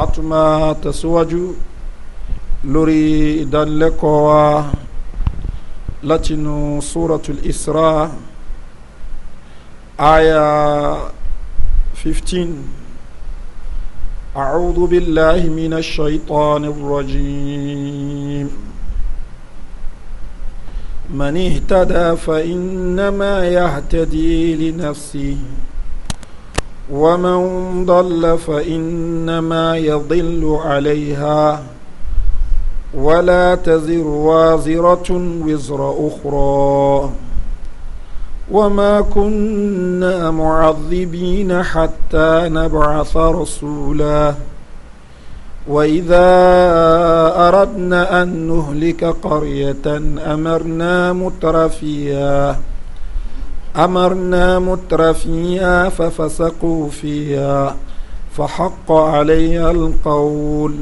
a tún máa tẹ̀síwájú lórí ìdánilẹ́kọ̀ọ́ wa látinú suratul isra aya 15 أعوذ بالله من الشيطان الرجيم من اهتدى فإنما يهتدي لنفسه ومن ضل فإنما يضل عليها ولا تزر وازرة وزر أخرى وما كنا معذبين حتى نبعث رسولا وإذا أردنا أن نهلك قرية أمرنا مترفياً أمرنا متر فيها ففسقوا فيها فحق عليها القول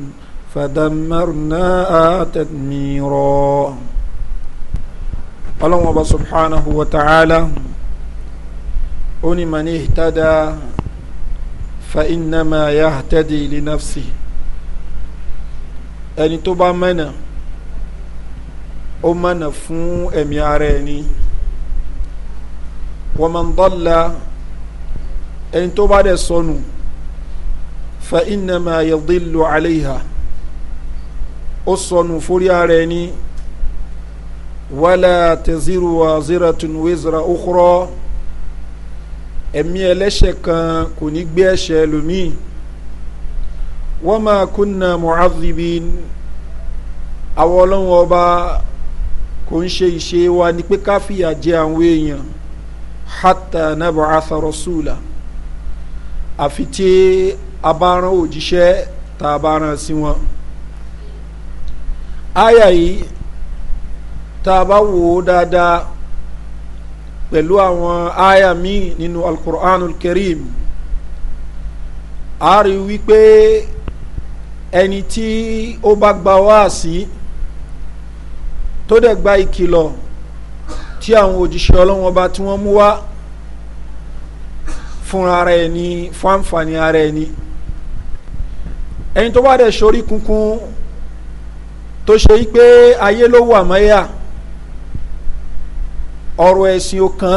فدمرناها تدميرا ọlọ́run ọba subhanahu wa ta'ala ó ní man ihtada fa innama yahtadi li nafsi ẹni tó bá mẹ́nà ó mẹ́nà fún ẹ̀mí ara ẹni. E waman dalla ẹni tó bá dẹ̀ sọnù fa innama yadillu alayha ó sọnù fúri ara ẹni wala taziru waziratun wizra ukhra ẹ̀mí ẹlẹ́ṣẹ̀ kan kò ní gbé ẹ̀ṣẹ̀ lómi wama kunna mu'adhibin àwọn ọlọ́run ọba kò ń ṣe ìṣe wa ni pé ká fìyà àwọn èèyàn hatta nab'atha rasula àfi tí a bá rán òjíṣẹ́ tá a bá rán sí wọn. àyà yìí tá a bá wò ó dáadáa pẹ̀lú àwọn àyà míì nínú alukur'anul karim a rí wípé ẹni tí ó bá gba wáàsí tó dẹ̀ gba ìkìlọ̀ tí àwọn òjíṣẹ́ ọlọ́run ọba tí wọ́n mú wá fúnra ara ẹni fún àǹfààní ara ẹni ẹni tó bá dẹ̀ sórí kunkun tó ṣe yí pé ayé ló wà mọ́yà ọ̀rọ̀ ẹ̀sìn ò kàn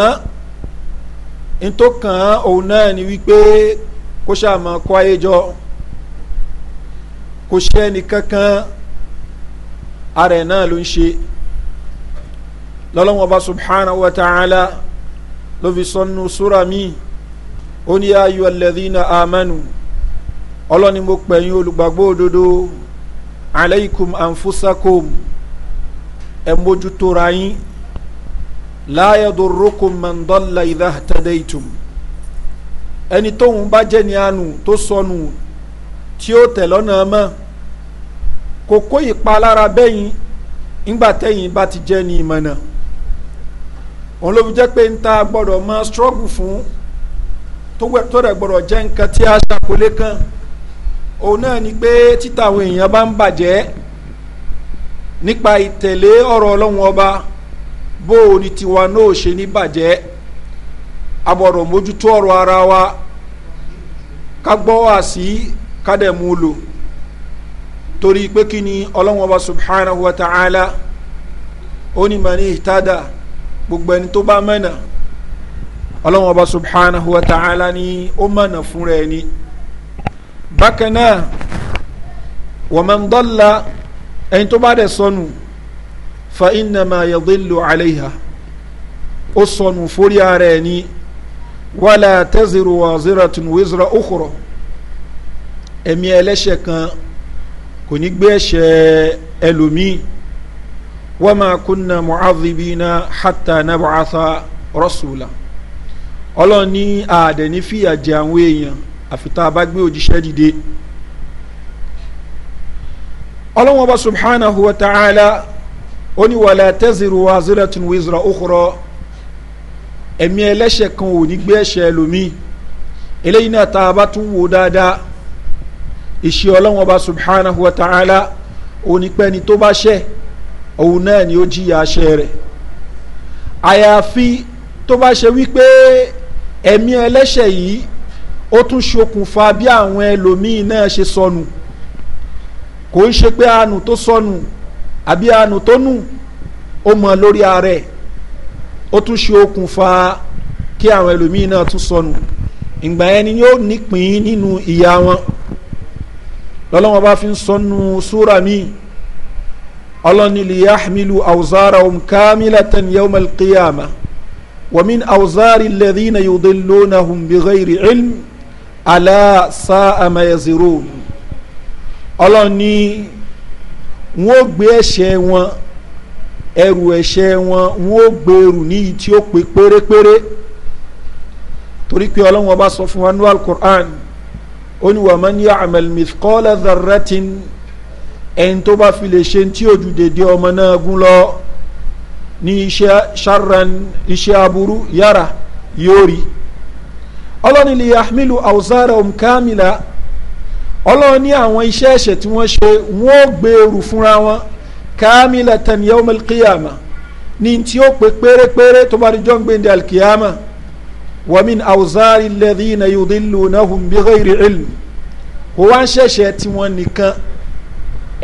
án n tó kàn án òun náà ni wípé kó ṣàmọ̀ kó ayé jọ kò ṣe ẹnì kankan ara ẹ̀ náà ló ń ṣe lọ́lọ́wọ́n bá subhanahu wa ta'ala ló fi sọnù súra mi ó ní ayọ̀ alladhina amanu ọlọ́ni mo pẹ̀yìn olùgbàgbọ́ òdodo alaykum anfusakum ẹ mójútó ra yín la yadurrukum man dalla idha ihtadaytum ẹni tóun bá jẹ́ ní àánú tó sọnù tí ó tẹ̀ lọ́nà mọ́ kò kó ìpalára bẹ́yìn ńgbà tẹ́yìn bá ti jẹ́ ní ìmọ̀nà. òun ló fi jẹ́ pé níta gbọ́dọ̀ máa struggle fún tó rẹ̀ gbọ́dọ̀ jẹ́ nǹkan tí a ṣàkólé kan òun náà ni pé títa àwọn èèyàn bá ń bàjẹ́ nípa ìtẹ̀lé ọ̀rọ̀ ọlọ́run ọba bó o ní tiwa náà ṣe ní bàjẹ́ ara wa ká gbọ́ wá sí gbogbo ẹni tó bá mẹ́nà ọlọ́run ọba subhanahu wa ta'ala ni ó mẹ́nà fúnra ẹni bákan náà wa man dalla ẹni tó bá dẹ̀ sọnù fa innama yadillu alayha ó sọnù fórí ara ẹni wala taziru waziratun wizra ukhra ẹ̀mí ẹlẹ́ṣẹ̀ kan kò ní gbé ẹ̀ṣẹ̀ ẹlòmíì wama kunna mu'adhibina hatta nab'atha rasula ọlọ́run ní àdẹ̀ ní fìyà jẹ àwọn èèyàn àfitá bá gbé òjíṣẹ́ dìde ọlọ́run ọba subhanahu wa ta'ala ó ní wala taziru waziratun wizra ukhra ẹ̀mí ẹlẹ́ṣẹ̀ kan ò ní gbé ẹ̀ṣẹ̀ ẹlòmíì eléyìí náà tá a bá tún wò dáadáa ìṣe ọlọ́run ọba subhanahu wa ta'ala ó ní pẹ́ni tó bá ṣẹ̀ òun náà ni ó jìyà aṣẹ rẹ̀ àyàfi tó bá ṣe wípé ẹ̀mí ẹlẹ́ṣẹ̀ yìí ó tún ṣokùnfà bí àwọn ẹlòmíín náà ṣe sọnù kò ń ṣe pé àánú tó sọnù àbí àánú tó nù ó mọ lórí ààrẹ ó tún ṣe okùnfà kí àwọn ẹlòmíín náà tún sọnù ìgbà yẹn ni yóò nípìn nínú ìyá wọn lọ́lọ́wọ́n bá fi ń sọnù súra míì ọlọ́ni lè yàhmìlú àwùzára ohun kámílátàn yawm alqiyama wàmín àwùzári lẹ́dínà yudilluna hum bighayri ilm ala sa'a ma yazirun ọlọ́ni wọ́n gbé ẹ̀ṣẹ̀ wọn ẹrù ẹ̀ṣẹ̀ wọn wọ́n gbèrú ní tí ó pé pérépéré torí pé ọlọ́wọ́n bá sọ fún wa ní alukur'an ó ní wàmán yàhmìlú mithqala dharratin ẹni tó bá fi lè ṣe tí ojú dèdè ọmọ náà gún lọ ní iṣẹ́ ṣarran iṣẹ́ aburú yára yóò rí ọlọ́ni lè yàmílù àwùsára omkamila ọlọ́ni àwọn iṣẹ́ ẹ̀ṣẹ̀ tí wọ́n ṣe wọ́n gbèrú fúnra wọn kamila taniya omelkiyama ní tí ó pé pérépéré tó bá rí jọ́ alkiyama wàmín àwùsára ilẹ̀ dínà yóò dín lùnà hùn bí ghairi ṣẹ̀ṣẹ̀ tí wọ́n nìkan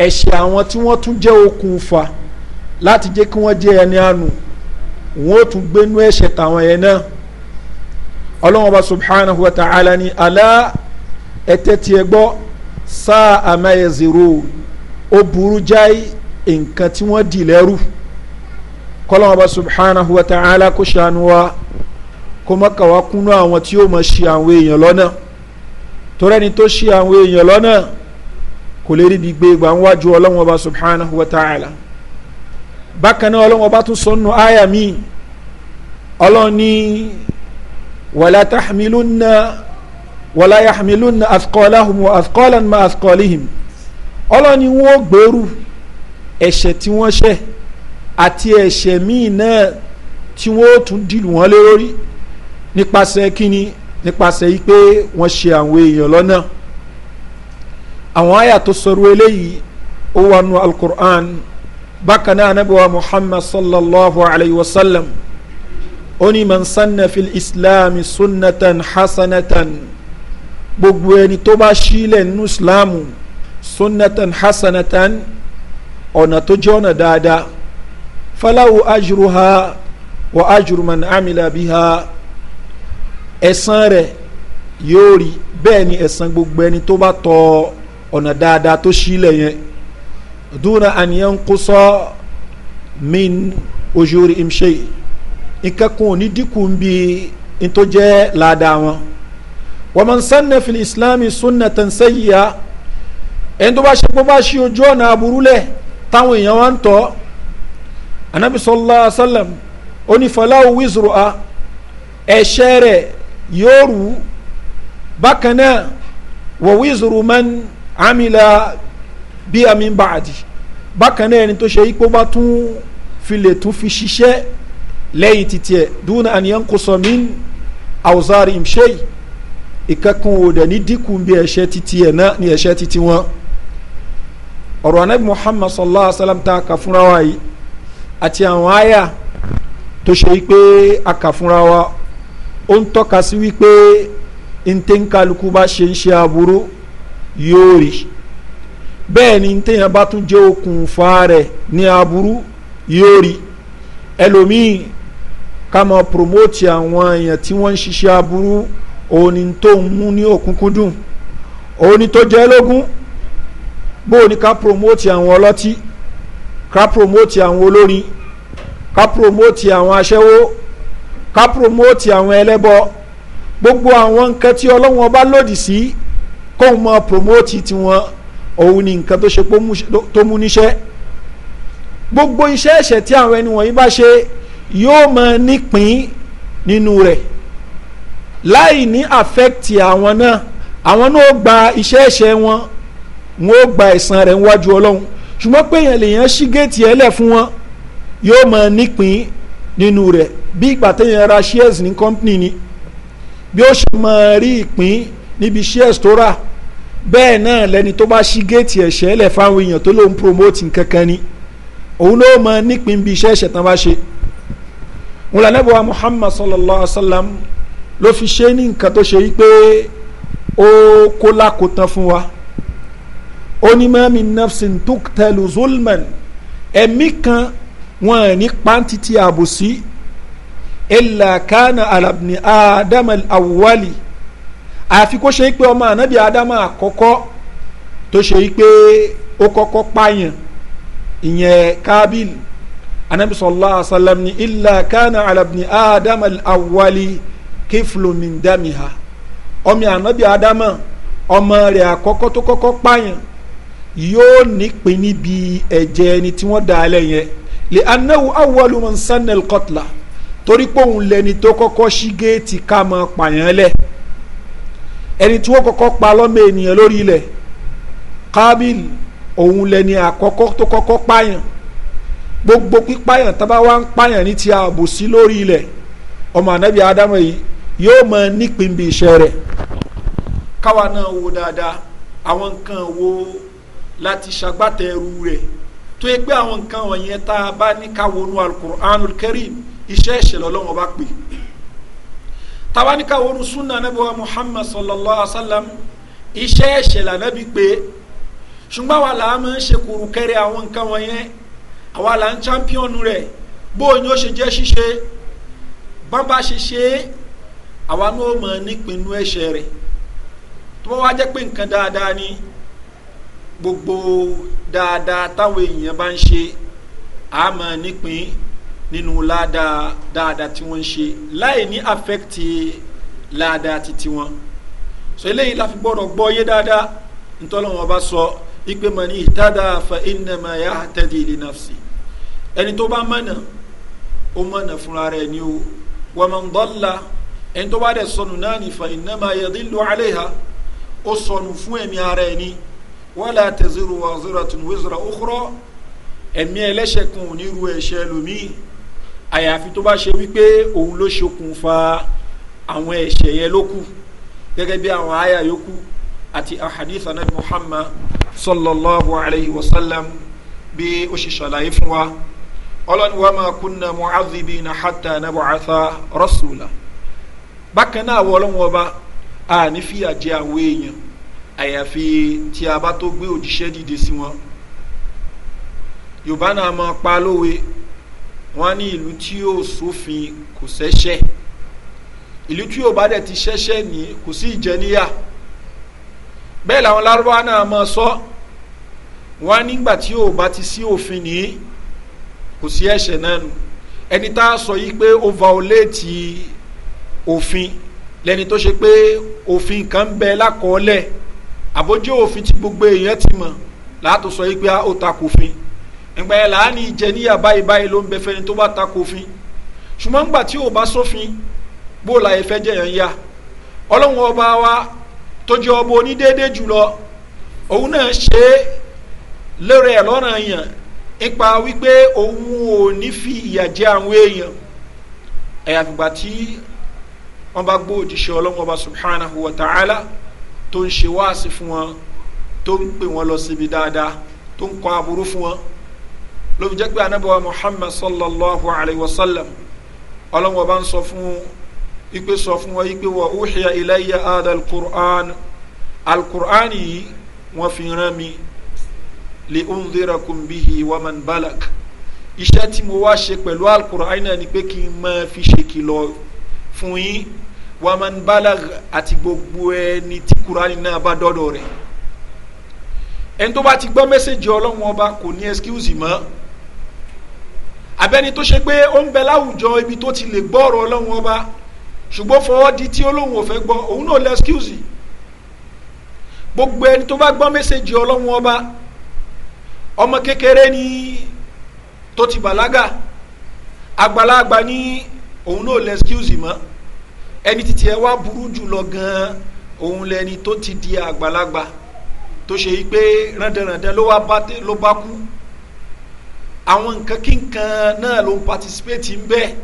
ẹ̀ṣẹ̀ àwọn tí wọ́n tún jẹ́ okùnfà láti jẹ́ kí wọ́n jẹ́ ẹni àánú wọn ó tún gbénú ẹ̀ṣẹ̀ tàwọn yẹn náà ọlọ́wọ́n bá subhanahu wa ta'ala ni alá ẹ̀tẹ́ tiẹ̀ gbọ́ sáà àmàyẹ zero ó burú jáì nǹkan tí wọ́n dì lẹ́rù kọ́lọ́wọ́n bá subhanahu wa ta'ala kó ṣàánú wa kó má kàwá kúnú àwọn tí ó mọ̀ ṣe àwọn èèyàn lọ́nà torẹ́ni tó ṣe àwọn èèyàn lọ́nà kò lè rí bí gbé gbà ń wájú ọlọ́wọ́n ọba subhanahu wa ta'ala bákan náà ọlọ́wọ́n ọba tún sọnù àyà mi ọlọ́wọ́n ní wàlá tahmilunna wàlá yahmilunna athqalahum wa athqalan ma athqalihim ọlọ́wọ́n ní wọ́n gbèrú ẹ̀ṣẹ̀ tí wọ́n ṣẹ̀ àti ẹ̀ṣẹ̀ míì náà tí wọ́n tún dìlù wọ́n lé lórí nípasẹ̀ kíni nípasẹ̀ yìí pé wọ́n ṣe àwọn èèyàn lọ́nà àwọn àyà tó sọ̀rọ̀ eléyìí ó wà nù alukur'an bákan náà anabi wa muhammad sallallahu alayhi wa sallam oni man sanna fil islam sunnatan hasanatan gbogbo ẹni tó bá ṣílẹ̀ nínú islamu sunnatan hasanatan ọ̀nà tó jẹ́ ọ̀nà dáadáa faláwo ajuru ha wa ajuru man amila bi ha ẹ̀san rẹ̀ yóò rí bẹ́ẹ̀ ni ẹ̀san gbogbo ẹni tó bá tọ́ ọ ọ̀nà dáadáa tó sílẹ̀ yẹn dúnà àníyàn kó sọ min ojúri imṣe nǹkan kan ò ní dínkù bí n tó jẹ́ ládàá wọn wa man sanna fil islami sunnatan sayyi'a ẹni tó bá ṣe pé bá ṣe ojú ọ̀nà àbúrúlẹ̀ táwọn èèyàn wá ń tọ́ anabi sallallahu alaihi wasallam onífọláwo wizru a ẹ̀ṣẹ̀ rẹ̀ yóò rú bákan náà wa wizru man amila bí amin baadi bákan náà ẹni tó ṣe ipò bá tún fi lè tún fi ṣiṣẹ́ lẹ́yìn títí ẹ̀ dúnà àníyàn kò sọ mí àwùzárì ìmṣẹ́ ìkẹ́kùn òdẹ ní dínkù bí ẹ̀ṣẹ́ títí ẹ̀ náà ní ẹ̀ṣẹ́ títí wọn. ọ̀rọ̀ anabi muhammad sallallahu alaihi wa sallam ta kà fúnra wa yìí àti àwọn àyà tó ṣe pé a fúnra wa ó ń tọ́ka sí wípé ntẹ́ńkálukú bá ṣe ń ṣe aburú yóò rí bẹ́ẹ̀ ni téèyàn bá tún jẹ́ okùnfà rẹ̀ ní aburú yóò rí ẹlòmíì ká máa promote àwọn èèyàn tí wọ́n ń ṣiṣẹ́ aburú òní tó ń mú ní òkúnkúndùn òní tó jẹ́ lógún bó ní ká promote àwọn ọlọ́tí ká promote àwọn olórin ká promote àwọn aṣẹ́wó ká promote àwọn ẹlẹ́bọ gbogbo àwọn nǹkan tí ọlọ́run ọba lòdì sí kóun mọ promote tiwọn òun ni nǹkan tó ṣe tó mú níṣẹ́ gbogbo iṣẹ́ ẹ̀ṣẹ̀ tí àwọn ẹni wọ̀nyí bá ṣe yóò máa nípìn nínú rẹ̀ láì ní àfẹ́kìtì àwọn náà àwọn náà ó gba iṣẹ́ ẹ̀ṣẹ̀ wọn wọn ó gba ẹ̀san rẹ̀ níwájú ọlọ́run ṣùgbọ́n pé èèyàn lèèyàn ṣí géètì ẹlẹ̀ fún wọn yóò máa nípìn nínú rẹ̀ bí ìgbà téèyàn ra shares ní company ni bí ó ṣe máa rí ìpín níbi shares tó rà bẹ́ẹ̀ náà lẹni tó bá ṣí géètì ẹ̀ṣẹ́ lẹ̀ fáwọn èèyàn tó lóun promote nkankan ni òun ló mọ nípìn bí iṣẹ́ ẹ̀ṣẹ̀ tán bá ṣe wọn lànà bí wa muhammad sallallahu alaihi wa sallam ló fi ṣe ní nǹkan tó ṣe yí pé ó kó lákòótán fún wa ó ní mami nafsin tuktalu zulman ẹ̀mí kan wọn ní pàǹtí àbòsí illa kana alabni adam al-awwali. al àfi kó ṣe pé ọmọ ànábì ádámà àkọ́kọ́ tó ṣe pé ó kọ́kọ́ pààyàn ìyẹn kábìlì anabi sallallahu alaihi ni illa kana ala ibni ádámà awwali kiflu min damiha ọmọ ànábì ádámà ọmọ rẹ̀ àkọ́kọ́ tó kọ́kọ́ pààyàn yóò nípìn níbi ẹ̀jẹ̀ ẹni tí wọ́n dá alẹ́ yẹn lè anáwó awwalu man sanna al-qatla torí pé òun lẹni tó kọ́kọ́ ṣí géètì ká máa pààyàn lẹ́ẹ̀ ẹni tí wọ́n kọ́kọ́ pa lọ́mọ ènìyàn lórí ilẹ̀ kábìlì òun lẹni àkọ́kọ́ tó kọ́kọ́ pààyàn gbogbo pípààyàn tábà wá ń pààyàn ní ti àbòsí lórí ilẹ̀ ọmọ ànábì adamu yìí yóò mọ nípìn bí iṣẹ́ rẹ̀ káwa náà wo dáadáa àwọn nǹkan wo láti ṣagbátẹrù rẹ̀ tó yẹ pé àwọn nǹkan wọ̀nyẹn tá a bá ní ká wọnú alukur'anul karim iṣẹ́ ìṣẹ̀lẹ̀ ọlọ́wọ́n bá pè é tabanika wonu sunna anabi wa muhammad sallallahu alaihi wa sallam iṣẹ́ ẹ̀ṣẹ̀ lànàbí pé ṣùgbọ́n àwa làá máa ń ṣe kùrùkẹ́rẹ́ àwọn nǹkan wọ̀nyẹn àwa là ń championu rẹ̀ bóyá ó ṣe jẹ́ ṣíṣe bọ́n bá ṣe ṣe é àwa náà mọ̀ nípinnu ẹ̀ṣẹ̀ rẹ̀ tó wá jẹ́ pé nǹkan dáadáa ni gbogbo dáadáa táwọn èèyàn bá ń ṣe àmọ́ nípin nínú ládàá dáadáa tí wọ́n ń ṣe láì ní àfẹ́kìtì ládàá títí wọn so eléyìí la fi gbọ́dọ̀ gbọ́ yé dáadáa ntọ́lọ́wọ́n bá sọ ipe mọ̀ ní ìtàdá fa innama yahtadi li nafsi ẹni tó bá mọ̀nà ó mọ̀nà fúnra rẹ̀ ni o wa man dalla ẹni tó bá dẹ̀ sọnù náà ní fa innama yadillu alayha ó sọnù fún ẹ̀mí ara ẹ̀ ní ru ẹ̀ṣẹ̀ lómii àyàfi tó bá ṣe wípé òun ló ṣokùnfà àwọn ẹ̀ṣẹ̀ yẹn ló kù gẹ́gẹ́ bí àwọn àyà yòókù àti ahadith anabi muhammad sallallahu alayhi wa sallam bí ó ṣe ṣàlàyé fún wa ọlọ́ni wa máa kunna mu'adhibina hatta nab'atha rasula bákan náà wọ́n lọ́wọ́ ọba àní fìyà jẹ àwọn èèyàn àyàfi tí a bá tó gbé òjíṣẹ́ dìde sí wọn yorùbá náà máa pa lówe wọ́n á ní ìlú tí yóò sófin kò ṣẹ̀ṣẹ̀ ìlú tí yóò bá dẹ̀ ti ṣẹ̀ṣẹ̀ ní kò sí ìjẹníyà bẹ́ẹ̀ làwọn lárúbáwá náà máa sọ wọ́n á nígbà tí yóò bá ti sí òfin ní kò sí ẹ̀ṣẹ̀ náà nù ẹni tá a sọ yìí pé ó violate òfin lẹni tó ṣe pé òfin kan ń bẹ lákọọ́lẹ̀ àbójú òfin tí gbogbo èèyàn ti mọ̀ látò sọ yìí pé ó takòfin ìgbà yẹn là á ní ìjẹníyà báyìí báyìí ló ń bẹ fẹ́ni tó bá ta kò fin ṣùgbọ́n ńgbà tí ò bá sófin bó o láyé fẹ́ jẹ̀yàn yá ọlọ́run ọba wa tó jẹ́ ọba onídéédé jùlọ òun náà ṣe é lérè ẹ̀ lọ́nà yàn nípa wípé òun ò ní fi ìyà jẹ àwọn èèyàn ẹ̀yà fìgbà tí wọ́n bá gbọ́ òjíṣẹ́ ọlọ́run ọba subhanahu wa ta'ala tó ń ṣe wáàsí fún wọn tó ń pè wọ́n lọ síbi dáadáa tó ń kọ́ aburú fún wọn ló fi jẹ́ pé anábẹ́wà muhammad sallallahu alayhi wa sallam ọlọ́wọ́ bá ń sọ fún ipe sọ fún wa ipe wa uhiya ilayya ada alqur'an alqur'an yìí wọ́n fi rán mi li unzirakum bihi wa man balak iṣẹ́ tí mo wá ṣe pẹ̀lú alqur'an náà ni pé kí n máa fi ṣe kìlọ̀ fún yín wa man àti gbogbo ẹni tí kurani náà bá dọ́dọ̀ rẹ̀ ẹni tó bá ti gbọ́ mẹ́sẹ̀gì ọlọ́run ọba kò ní ẹ́skíwùsì mọ́ abẹ́ni tó ṣe pé ó ń bẹ láwùjọ ibi tó ti lè gbọ́ ọ̀rọ̀ ọlọ́run ọba ṣùgbọ́n fọwọ́ di tí olóhùn ò fẹ́ gbọ́ òun náà lè excuse gbogbo ẹni tó bá gbọ́ mẹ́sẹ̀gì ọlọ́run ọba ọmọ kékeré ni tó ti bàlágà àgbàlagbà ni òun náà lè excuse mọ́ ẹni títí ẹ wá burú jù lọ gan-an òun lẹni tó ti di àgbàlagbà tó ṣe yí pé rándanràndan ló wá bá kú àwọn nǹkan kínkan náà ló ń patisipéètì ń bẹ́ẹ̀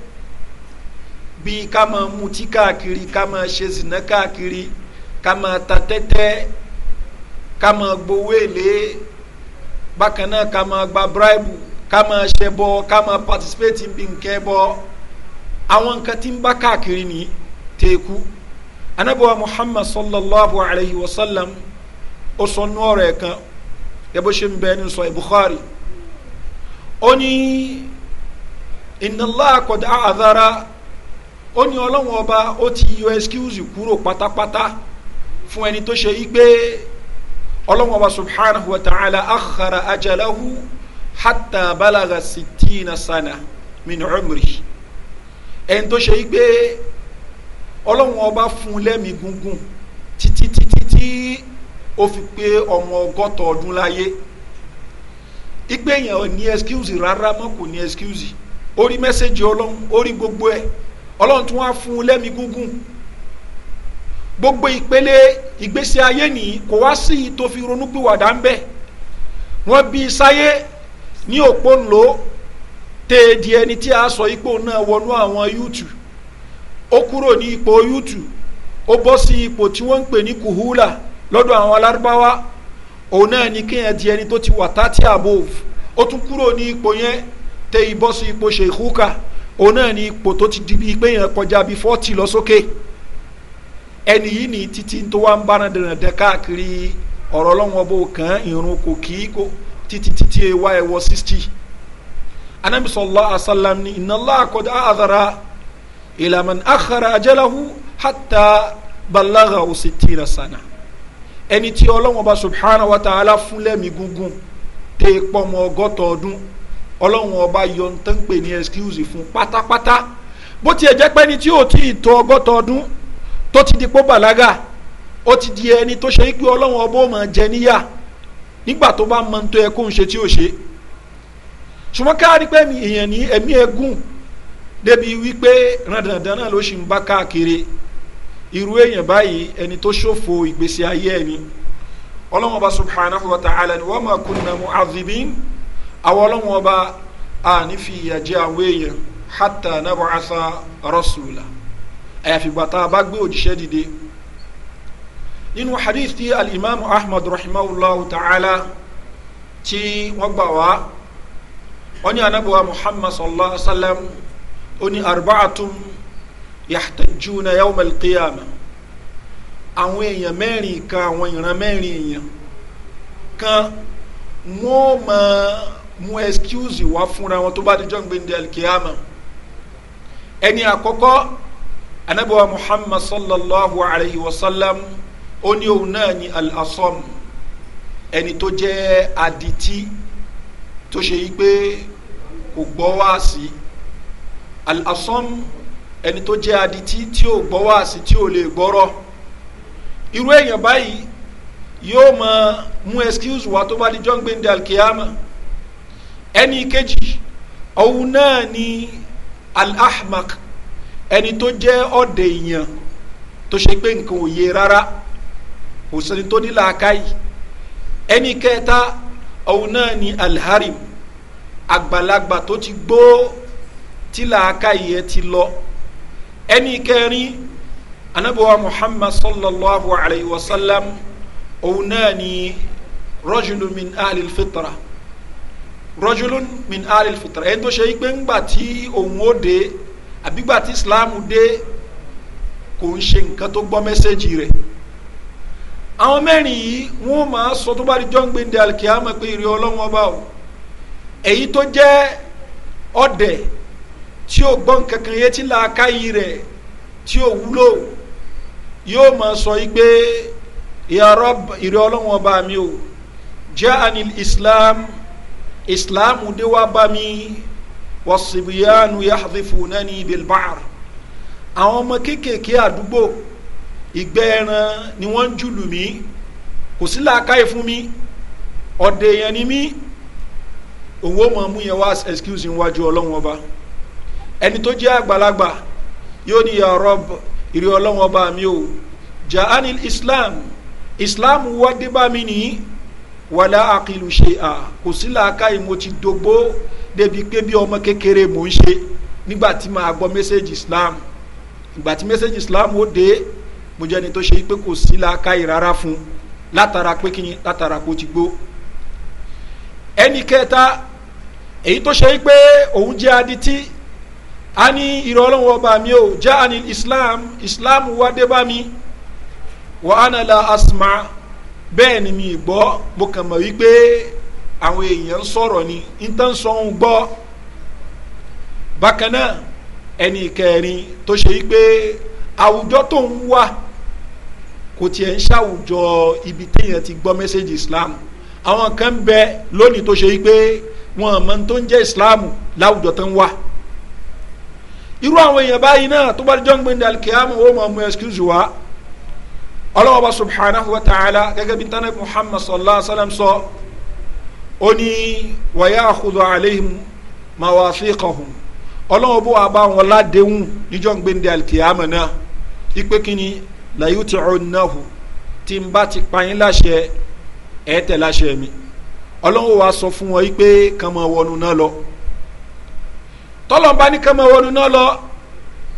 bíi ká máa mutí káàkiri ká máa ṣe zìnà káàkiri ká máa ta tẹ́tẹ́ ká máa gbowó èlé bákan náà ká máa gba bíráìbù ká máa ṣẹbọ ká máa patisipéètì bí nǹkan ẹbọ àwọn nǹkan tí ń bá káàkiri ní teku anabiwa muhammad sallallahu alayhi wa sallam ó sọ nú ọ̀rọ̀ ẹ̀ kan ẹ bó ṣe ń bẹ ní sọ ẹ̀ bukhari ó ní ìnáwó àkọ́dá àdára ó ní ọlọ́wọ́n ọba ó ti yọ excuse kúrò pátápátá fún ẹni tó ṣe yí pé ọlọ́wọ́n ọba subhanahu wa ta'ala akhara ajalahu hatta balaga sitina sana min umri ẹni tó ṣe yí pé ọlọ́run ọba fún lẹ́mìí gúngún títí títí tí ó fi pé ọmọ ọgọ́ta ọdún láyé igbe yẹn ò ní excuse rárá mọ́ kò ní excuse ó rí mẹ́sẹ̀gì ọlọ́run ó rí gbogbo ẹ̀ ọlọ́run tí wọ́n á fún un lẹ́mí gúngún gbogbo ìpele ìgbésí ayé nìyí kò wá sí i tó fi ronúpìwàdà ń bẹ̀ wọ́n bí sáyé ní òpó ńlò téèdì ẹni tí a sọ ipò náà wọnú àwọn yúùtù ó kúrò ní ipò yúùtù ó bọ́ sí ipò tí wọ́n ń pè ní kùhúlà lọ́dọ̀ àwọn alárúbáwá òun náà ni kéèyàn di ẹni tó ti wà thirty above ó tún kúrò ní ipò yẹn tẹ ìbọ́ sí ipò ṣèkúkà òun náà ni ipò tó ti di bíi pé yẹn kọjá bíi forty lọ sókè ẹni yìí ni títí tó wá ń bára dẹ̀rẹ̀dẹ̀ káàkiri ọ̀rọ̀ ọlọ́wọ́n bó kàn irun kò kí kó títí títí ewa ẹ̀wọ̀ sixty anabi sallallahu asalam ni inallah kọjá àdàrà ìlànà àkàrà àjẹláhu hàtà balagha òsì tìrẹ ẹni tí ọlọ́wọ́n bá Subhana wa ta'ala fún lẹ́mí gúngún tẹ pọ́mọ ọgọ́ta ọdún ọlọ́wọ́n ọba yọ ń tán pè ní excuse fún pátápátá bó tiẹ̀ jẹ́ pé ẹni tí ò tí ì tó ọgọ́ta ọdún tó ti di pó bàlágà ó ti di ẹni tó ṣe pé ọlọ́wọ́n ọba ó máa jẹ níyà nígbà tó bá mọ tó yẹ kó ń ṣe tí ò ṣe ṣùgbọ́n káàrí pé èèyàn ní ẹ̀mí ẹ̀gùn débi wípé ràndàndàn irú èèyàn báyìí ẹni tó ṣòfò ìgbésí ayé ẹni ọlọ́wọ́n ọba subhanahu wa ta'ala ni wa ma kunna mu'adhibin àwọn ọlọ́wọ́n ọba àní fi ìyà jẹ àwọn èèyàn hatta nab'atha rasula àyàfi gbàtà bá gbé òjíṣẹ́ dìde nínú hadith ti alimami ahmad rahimahullah ta'ala tí wọ́n gbà wá wọ́n ní anabuwa muhammad sallallahu alaihi wa sallam ó ní arba'atum yahtajuna yawmal qiyamah àwọn èèyàn mẹ́rin kan àwọn ìran mẹ́rin èèyàn kan wọ́n máa mú excuse wá fúnra wọn tó bá di jọ́ǹgbé ní alikiyama ẹni àkọ́kọ́ anabiwa muhammad sallallahu alayhi wa sallam ó òun náà ní al-asam ẹni tó jẹ́ adití tó ṣe yí pé kò gbọ́ wá sí al-asam ẹni tó jẹ́ adití tí ò gbọ́ wá sí tí ò lè gbọ́rọ̀ irú èèyàn báyìí yóò máa mú excuse wá tó bá di john gbendé alkiyama ẹni kejì òun náà ni alahmak ẹni tó jẹ́ ọ̀dẹ̀ èèyàn tó ṣe pé nǹkan ò yé rárá kò sẹ́ni tó ní làákàyè ẹni kẹta òun náà ni alharim àgbàlagbà tó ti gbó tí làákàyè ti lọ ẹni kẹrin anabiwa muhammad sallallahu alayhi wa sallam òun náà ni rọ́júlù min alil fitra rọ́júlù min alil fitra ẹni tó ṣe pé ńgbà tí òun ó dé àbígbà tí islam dé kò ń ṣe nǹkan tó gbọ́ mẹ́sẹ́jì rẹ̀ àwọn mẹ́rin yìí wọ́n máa sọ tó bá di jọ́ alikiyama pé ìrì ọlọ́wọ́n bá o èyí tó jẹ́ ọ̀dẹ̀ tí ó gbọ́n kankan yé tí làákàyè rẹ̀ tí ó wúlò yóò máa sọ yí pé ya Rabb ìrẹ́ ọlọ́wọ́n bá mi o jaani islam islam dé wá bá mi wasibiyanu yahdifunani bilbaar àwọn ọmọ kéékèèké àdúgbò ìgbẹ́ ẹran ni wọ́n ń jùlù mí kò sí làákàyè fún mi ọ̀dẹ̀ èèyàn ni mí òun ó mú yẹn wá excuse níwájú ọlọ́wọ́n ọba ẹni tó jẹ́ àgbàlagbà yóò ní ya Rabb ìrì ọlọ́wọ́n bá mi o jaani islam islam wá dé bá mi nìyí wàlá àkìlù ṣe à kò sí làákàyè mo ti dogbo débi pé bí ọmọ kékeré mò ń ṣe nígbà tí màá gbọ́ mẹ́sẹ̀gì islam ìgbà tí mẹ́sẹ̀gì islam ó dé mo jẹ́ ni tó ṣe pé kò sí làákàyè rárá fún látara pé kí ni látara kó ti gbó ẹnì kẹta èyí tó ṣe pé òun jẹ́ adití a ní ìrọ̀ ọlọ́run ọba mi ò já àní islam islam wá dé bá mi wà á nàlá asma bẹ́ẹ̀ ni mi gbọ́ mo kàn mọ̀ wípé àwọn èèyàn ń sọ̀rọ̀ ni intan sọ ń gbọ́ bákan náà ẹnì kẹrin tó ṣe wípé àwùjọ tó ń wá kò tiẹ̀ ń ṣàwùjọ ibi téèyàn ti gbọ́ mẹ́sẹ̀gì islam àwọn kan ń bẹ lónìí tó ṣe wípé wọn àmọ́ tó ń jẹ́ islam láwùjọ tó ń wá irú àwọn èèyàn báyìí náà tó bá jọ́ ń gbẹ̀ndẹ̀ alikiyama ó máa mú excuse wá ọlọ́wọ́ bá subhanahu wa ta'ala gẹ́gẹ́ bí tánà muhammad sallallahu alayhi wa sallam sọ ó ní wa ya'khudhu alayhim mawathiqahum ọlọ́wọ́ bó wa bá wọn ládéhùn níjọ́ ń gbẹ̀ndẹ̀ alikiyama náà ipe kínní la yuti'unnahu tí n bá ti pa yín láṣẹ ẹ̀ẹ́tẹ̀ láṣẹ mi ọlọ́wọ́ sọ fún wọn yí kàn máa wọnú náà lọ tọ́lọ́mbá ní kẹ́mọ́ wọnú náà lọ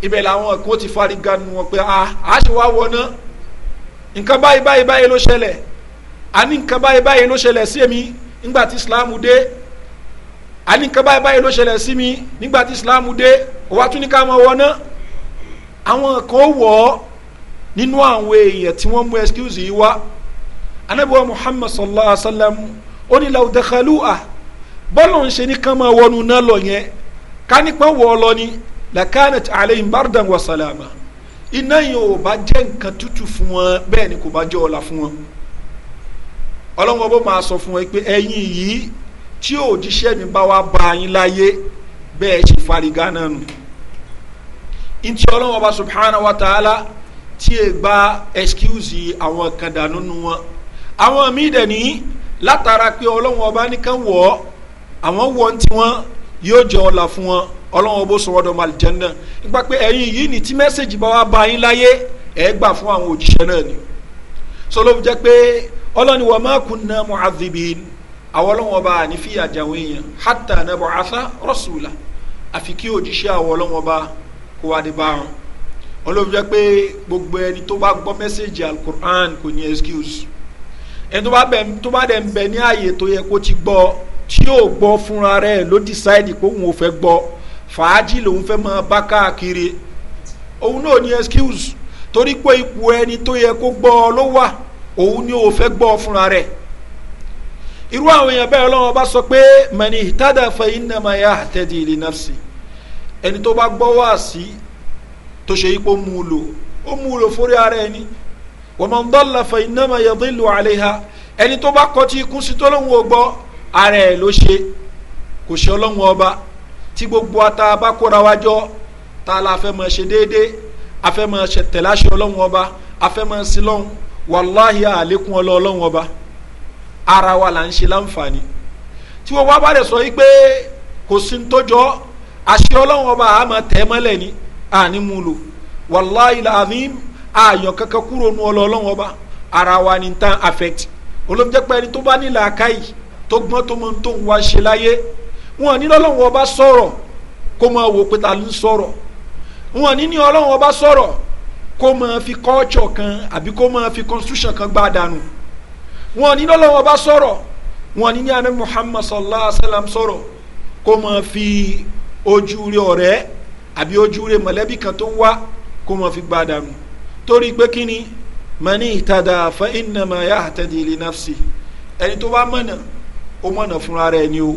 ibẹ̀ làwọn kò ti fárígá nu wọn pé ah, a a ṣe wá wọná nǹkan báyìí báyìí báyìí ló ṣẹlẹ̀ a ní nǹkan báyìí báyìí ló ṣẹlẹ̀ sí èmi nígbà tí Islam dé a ní nǹkan báyìí báyìí ló ṣẹlẹ̀ sí mi nígbà tí Islam dé òwa tún ní ká mọ̀ wọná àwọn kan wọ̀ ọ́ nínú àwọn èèyàn tí wọ́n mú excuse yìí wá anabiwa Muhammad sallallahu alaihi wa sallam ó ní làwùdàkàlù à bọ́lọ̀ ń ṣe ní kàn máa wọnú náà lọ yẹn Kani wọ̀ ọ lọ ni lakanat alayhim bardan wa salama ina yìí ò bá jẹ́ nǹkan tútù fún wọn bẹ́ẹ̀ ni kò bá jẹ́ ọ̀la fún wọn ọlọ́wọ́n bó máa sọ fún wọn pé ẹ̀yin yìí tí òjíṣẹ́ mi bá wá bá yín láyé bẹ́ẹ̀ ṣe farigá náà nù ntí ọlọ́wọ́n bá subhanahu wa ta'ala tí e gba excuse àwọn kan dànù nù wọn àwọn míì dẹ̀ ní látara pé ọlọ́wọ́n bá nìkan wọ̀ àwọn wọ̀ ntí wọn yóò jẹ́ ọ̀la fún wọn ọlọ́wọ́n bó sọ wọ́dọ̀ màlìjẹ́nà nípa pé ẹ̀yin yìí ni tí mẹ́sẹ̀gì bá wá ba yín láyé ẹ̀ gbà fún àwọn òjíṣẹ́ náà ni so ló fi jẹ́ pé ọlọ́ni wa ma kunna mu'adhibin àwọn ọlọ́wọ́n bá ní fìyà jàwé yẹn hatta nab'atha rasula àfi kí òjíṣẹ́ àwọn ọlọ́wọ́n bá kó wá dé bá wọn olóòfin jẹ́ pé gbogbo ẹni tó bá gbọ́ mẹ́sẹ̀gì alukur'an kò ní excuse ẹni tó bá dẹ̀ ń bẹ ní ààyè tó yẹ kó ti gbọ́ tí yóò gbọ́ fúnra rẹ̀ ló decide pé òun ò fẹ́ gbọ́ fàájì lòun fẹ́ máa bá káàkiri òun náà ní excuse torí pé ipò ẹni tó yẹ kó gbọ́ ọ ló wà òun ni ò fẹ́ gbọ́ fúnra rẹ̀ irú àwọn èèyàn bẹ́ẹ̀ ọlọ́run bá sọ pé mani tada fa innama yahtadi li nafsi ẹni tó bá gbọ́ wá sí tó ṣe ipò mú un lò ó mú un lò fórí ara ẹni wa man dalla fa innama yadillu alayha ẹni tó bá kọtí ikú sí tó lóun ò gbọ́ ara ẹ̀ ló ṣe kò ṣe ọlọ́run ọba tí gbogbo ata bá kóra wa jọ ta la fẹ́ mọ̀ ṣe déédéé a fẹ́ mọ̀ ṣe tẹ̀lé àṣẹ ọlọ́run ọba a fẹ́ mọ̀ sí lọ́hùn wàláhì àlékún ọlọ́run ọba ara wa là ń ṣe láǹfààní tí wọ́n wá bá rẹ̀ sọ yí pé kò sí ní tó jọ àṣẹ ọlọ́run ọba àmọ́ tẹ́ mọ́lẹ̀ ni àní mú lò wàláhì làdím àyàn kankan kúrò nu ọlọ́run ọba ara wa ni tán affect olóńjẹ́pẹ́ ẹni tó bá nílà káyìí tó gbọ́n tó mọ tó ń wá ṣe láyé wọn ní lọ́lọ́run ọba sọ̀rọ̀ kó máa wò pé ta ló ń sọ̀rọ̀ wọn ní ní ọlọ́run ọba sọ̀rọ̀ kó máa fi culture kan àbí kó máa fi constitution kan gbá dànù wọn ní lọ́lọ́run ọba sọ̀rọ̀ wọn ní ní anabi Muhammad sallallahu alaihi wa sallam sọ̀rọ̀ kó máa fi ojú rẹ ọ̀rẹ́ àbí ojú rẹ mọ̀lẹ́bí kan tó ń wá kó mọ̀ fi gba dànù torí pé kí mani ìtàdà fa innama yahtadi li nafsi ẹni tó bá mọ̀nà ó mọ̀nà fúnra rẹ̀ ni o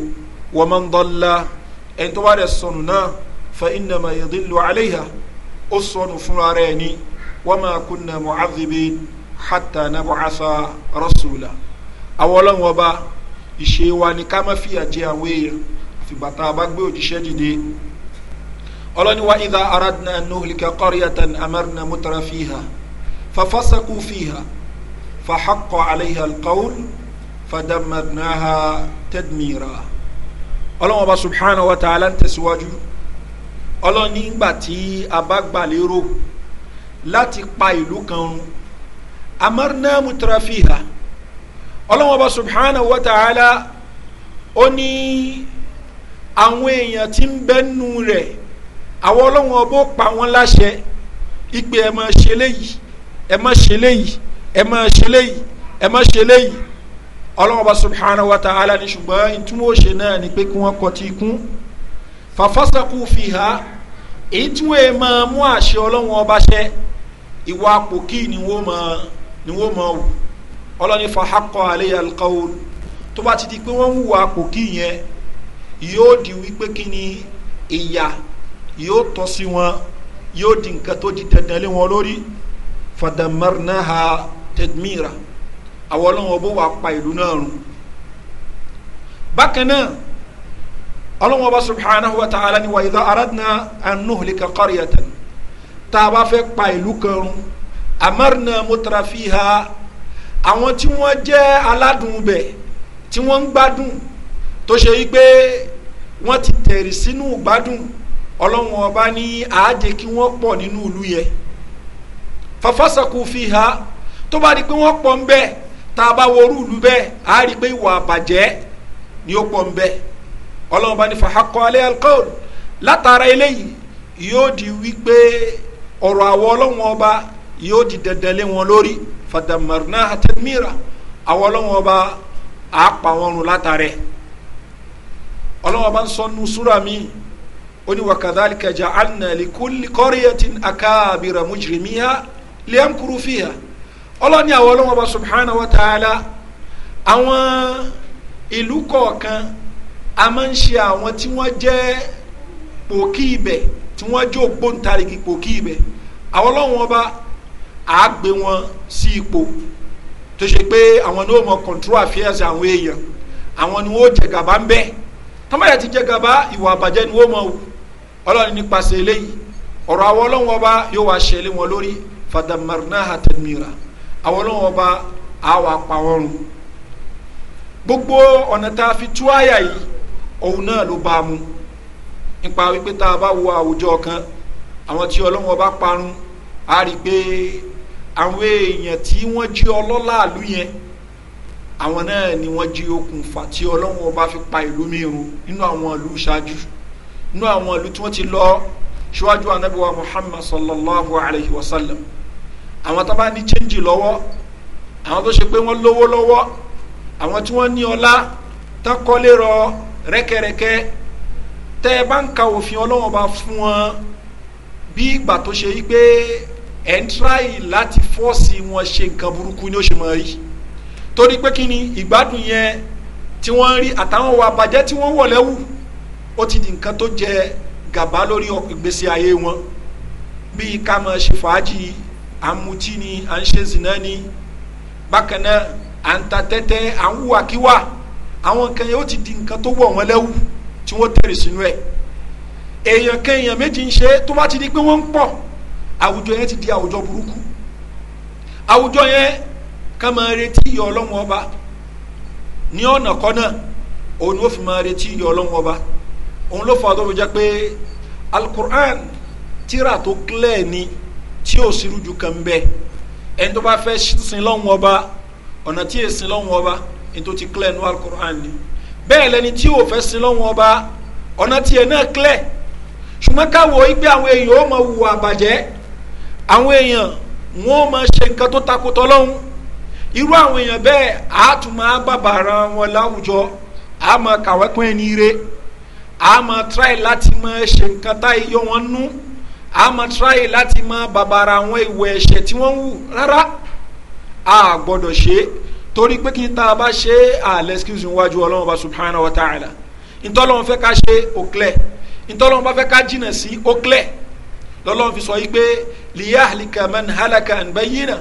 wa man dalla ẹni tó bá rẹ̀ sọnù náà fa innama yadillu alayha ó sọnù fúnra rẹ̀ ni wa ma kunna mu'adhibin hatta nab'atha rasula àwọn ọlọ́run ọba ìṣe wa ni ká má fìyà jẹ àwọn èèyàn fìgbà tá bá gbé òjíṣẹ́ dìde ọlọ́ni wa idha aradna an nuhlika qaryatan amarna mutrafiha fafasaku fiha fahaqqa alayha alqawl fadamarnaha tadmira ọlọ́run ọba subhanahu wa ta'ala ń tẹ̀síwájú ọlọ́run nígbà tí a bá gbà lérò láti pa ìlú kan run amarna mutrafiha ọlọ́run ọba subhanahu wa ta'ala ó ní àwọn èèyàn tí ń bẹ́nu rẹ̀ àwọn ọlọ́run ọba pa wọ́n láṣẹ ìpè ẹ̀ máa ṣe léyìí ẹ̀ máa ṣe léyìí ẹ̀ máa ṣe léyìí ẹ̀ máa ṣe léyìí ọlọ́mọba subhanahu wa ta'ala ni ṣùgbọ́n ìtumọ̀ ṣe náà ni pé kí wọ́n kọ́ ti kún fàfọ́sẹ̀kù fi ha èyí tí wọ́n máa mú àṣẹ ọlọ́run ọba ṣẹ ìwà pòkì ni wọ́n máa ni ọlọ́ni fàhákọ́ àléyà alkaul tó bá ti di pé wọ́n ń wùwà pòkì yẹn yóò di wípé kí ni ìyà yóò tọ́ sí wọn yóò di nǹkan tó di dandan wọn lórí fadamarnaha tedmira àwọn ọlọ́run ọbọ̀ wà pa ìlú náà run bákan náà ọlọ́run ọba subhanahu wa ta'ala ni wa idha aradna an nuhlika qaryatan tá a bá fẹ́ pa ìlú kan run amarna mutrafiha àwọn tí wọ́n jẹ́ aládùn bẹ̀ tí wọ́n ń gbádùn tó ṣe yí pé wọ́n ti tẹ̀rì sínú gbádùn ọlọ́run ọba ní àájẹ kí wọ́n pọ̀ nínú ìlú yẹn fafasaku tó bá di pé wọ́n pọ̀ ń bẹ́ẹ̀ tá a bá worú ìlú bẹ́ẹ̀ á rí i pé ìwà àbàjẹ́ ni ó pọ̀ ń bẹ́ẹ̀ ọlọ́run bá ní fàákọ́ alẹ́ alcohol látara eléyìí yóò di wípé ọ̀rọ̀ àwọn ọlọ́run ọba yóò di dandan lé wọn lórí fadamarna atẹmíra àwọn ọlọ́run ọba á pa wọn run látara ẹ̀ ọba ń sọ nu súra mi ó ní wàkàdálì kẹjà ànàlì kúlì kọ́ríyàtì akáàbìrà mùjìrìmíhà lẹ́yìn ọlọ́ni àwọn ọlọ́wọ́n bá subhanahu wa ta'ala àwọn ìlú kọ̀ọ̀kan a máa ń ṣe àwọn tí wọ́n jẹ́ pòkí ibẹ̀ tí wọ́n jó gbóǹtarìgì pòkí ibẹ̀ àwọn ọlọ́wọ́n a gbé wọn sí ipò tó ṣe pé àwọn ni ó mọ control affairs àwọn èèyàn àwọn ni wọ́n jẹ gàba ń bẹ́ẹ̀ tọ́mọ̀yà ti jẹ gàba ìwà àbàjẹ́ ni wọ́n mọ̀ ọlọ́ni nípasẹ̀ eléyìí ọ̀rọ̀ àwọn ọlọ́wọ́n bá yóò wá ṣẹlẹ̀ wọn lórí fadamarnaha tẹ̀míra àwọn ọlọ́run ọba àwa pa wọ́n run gbogbo ọ̀nà tá a fi tú àyà yìí òun náà ló bá a mu nípa wípé tá a bá wo àwùjọ kan àwọn tí ọlọ́run ọba parun a rí i pé àwọn èèyàn tí wọ́n jí ọlọ́lá ìlú yẹn àwọn náà ni wọ́n jí okùnfà tí ọlọ́run ọba fi pa ìlú mìíràn nínú àwọn ìlú ṣáájú nínú àwọn ìlú tí wọ́n ti lọ ṣíwájú anábíwá muhammad sallallahu alayhi wa sallam àwọn tó bá ní chẹ́ńjì lọ́wọ́ àwọn tó ṣe pé wọ́n lówó lọ́wọ́ àwọn tí wọ́n ní ọlá tán kọ́lé rọ rẹ́kẹrẹkẹ tẹ́ ẹ bá ń ka òfin ọlọ́wọ́n bá fún wọn bí ìgbà tó ṣe yí pé ẹ̀ ń tíráì láti fọ́ọ̀sì wọn ṣe nǹkan burúkú ni ó ṣe máa rí torí pé kí ni ìgbádùn yẹn tí wọ́n ń rí àtàwọn wa bàjẹ́ tí wọ́n wọ̀ lẹ́wù ó ti di nǹkan tó jẹ gàba lórí ìgbésí ayé wọn bíi ká máa ṣe fàájì yìí à ń mutí ni à ń ṣe zina ni bákan náà à ń ta tẹ́tẹ́ à ń wúwa kíwà àwọn nǹkan yẹn ó ti di nǹkan tó wọ̀ wọ́n lẹ́wù tí wọ́n tẹ̀rì sínú ẹ̀ èèyàn kẹyàn méjì ń ṣe tó bá ti di pé wọ́n ń pọ̀ àwùjọ yẹn ti di àwùjọ burúkú àwùjọ yẹn ká máa retí ìyọ ọlọ́wọ́n ọba ní ọ̀nà kọ́nà òun ni ó fi máa retí ìyọ ọlọ́wọ́n ọba òun ló fà á jẹ́ pé alukur'an tíra tó kílẹ̀ ni. tí yóò sírújú kan ń bẹ ẹni tó bá sin ọba ọ̀nà tí sin ọba tó ti clear nu alukur'an ni bẹ́ẹ̀ lẹni tí o fẹ́ sin ọba ọ̀nà náà clear ṣùgbọ́n káwọ́ igbe àwọn èèyàn ó máa hùwà àbàjẹ́ àwọn èèyàn wọn ó máa ṣe nǹkan tó takotọ́ lọ́hùn irú àwọn èèyàn bẹ́ẹ̀ máa wọn láwùjọ máa kàwé a máa tíráyè láti máa bàbàrà àwọn ìwọ ẹ̀ṣẹ̀ tí wọ́n ń wù rárá a gbọ́dọ̀ ṣe é torí pé kí n tá a bá ṣe é àlẹ́ excuse me wájú ọlọ́run ọba subhanahu wa ta'ala ntọ́lọ́run fẹ́ ká ṣe ó clear ntọ́lọ́run bá fẹ́ ká jìnà sí ó clear lọ́lọ́run fi sọ yìí pé liyahlika man halaka an bayyina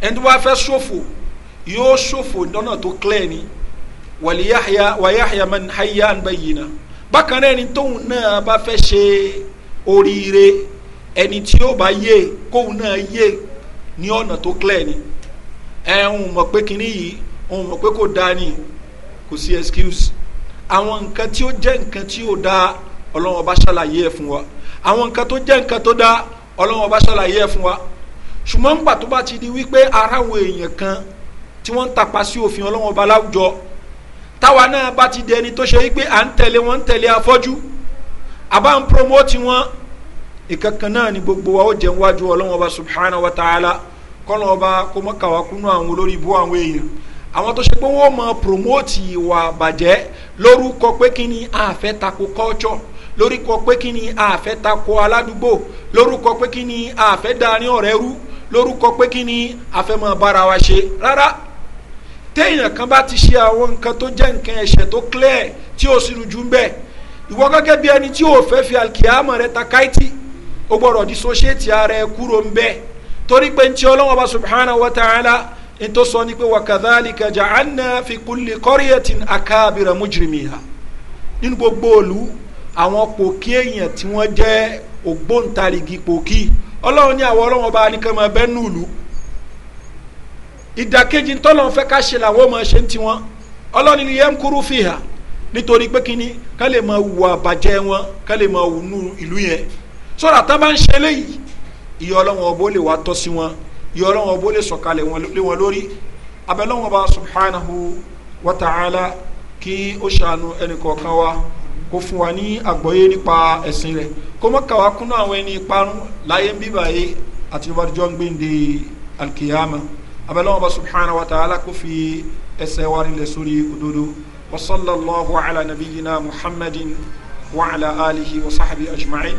ẹni tó bá fẹ́ ṣòfò yóò ṣòfò lọ́nà tó clear ni waliyahya wayahya man hayya an bayyina bákan náà ẹni tóun náà bá fẹ́ ṣe oríire ẹni tí ó bá yé kóun náà yé ní ọ̀nà tó clear ni ẹ ń mọ̀ pé kinní yìí ń mọ̀ pé kò dáa ni kò sí excuse àwọn nǹkan tí ó jẹ́ nǹkan tí ó dáa ọlọ́run ọba ṣàlàyé ẹ̀ fún wa àwọn nǹkan tó jẹ́ nǹkan tó dáa ọlọ́run ọba ṣàlàyé ẹ̀ fún wa ṣùgbọ́n nígbà tó bá ti di wípé ara àwọn èèyàn kan tí wọ́n ń tàpá sí òfin ọlọ́run ọba láwùjọ táwa náà bá ti di ẹni tó ṣe wípé à ń tẹ̀lé wọn ń tẹ̀lé afọ́jú àbá ń promote wọn ìkankan náà ni gbogbo wa ó jẹ́ wájú ọlọ́wọ́n ọba subhanahu wa ta'ala kọ́nà ọba kó mọ́ kàwá kúnú àwọn olórí ibú àwọn èèyàn àwọn tó ṣe pé wọ́n mọ promote ìwà bàjẹ́ lórúkọ pé kí ni àfẹ́ tako culture lórúkọ pé kí ni àfẹ́ tako aládùúgbò lórúkọ pé kí ni àfẹ́ darí ọ̀rẹ́ rú lórúkọ pé kí ni àfẹ́ mọ bára wa ṣe rárá téèyàn kan bá ti ṣe àwọn nǹkan tó jẹ́ nǹkan ẹ̀ṣẹ̀ tó clear tí ó sì rújú ń bẹ̀ ìwọ gẹ́gẹ́ bí ẹni tí ò fẹ́ fi alkiyama rẹ ta káìtì o gbọ́dọ̀ dissociate ara ẹ kúrò ń bẹ́ẹ̀ torí pé ntí ọlọ́wọ́n bá subhanahu wa ta'ala ntó sọ ni pé wa kadhalika ja'anna fi kulli qaryatin akabira mujrimiha nínú gbogbo òlu àwọn pòkí èèyàn tí wọ́n jẹ́ ògbóǹtarìgì pòkí ọlọ́run ní àwọn ọlọ́wọ́n bá nìkan máa bẹ́ nùlù ìdàkejì ntọ́lọ́n fẹ́ ká ṣe làwọn máa ṣe ń tiwọn ọlọ́run ni yamkuru fiha nítorí pé kínní ká máa wù àbàjẹ́ wọn ká máa wù nù ìlú yẹn sọ́dà tán bá ń ṣe léyìí ìyà ọlọ́wọ́n ọbọ̀ lè wá tọ́ sí wọn ìyà ọlọ́wọ́n ọbọ̀ lè sọ̀kalẹ̀ lé wọn lórí abẹ́lẹ́wọ̀n bá subhanahu wa ta'ala kí ó ṣàánú ẹnìkọ̀ọ̀kan wa kó fún wa ní àgbọ́yé nípa ẹ̀sìn rẹ̀ kó mọ́ kàwá kúnú àwọn ẹni parun láyé ń bíbà yé àti bá jọ ń gbéǹde alkiyama abẹ́lẹ́wọ̀n bá subhanahu wa ta'ala kó fi ẹsẹ̀ wa rinlẹ̀ sórí òdodo wa sallallahu ala nabiyyina muhammadin wa ala alihi wa sahbihi ajma'in.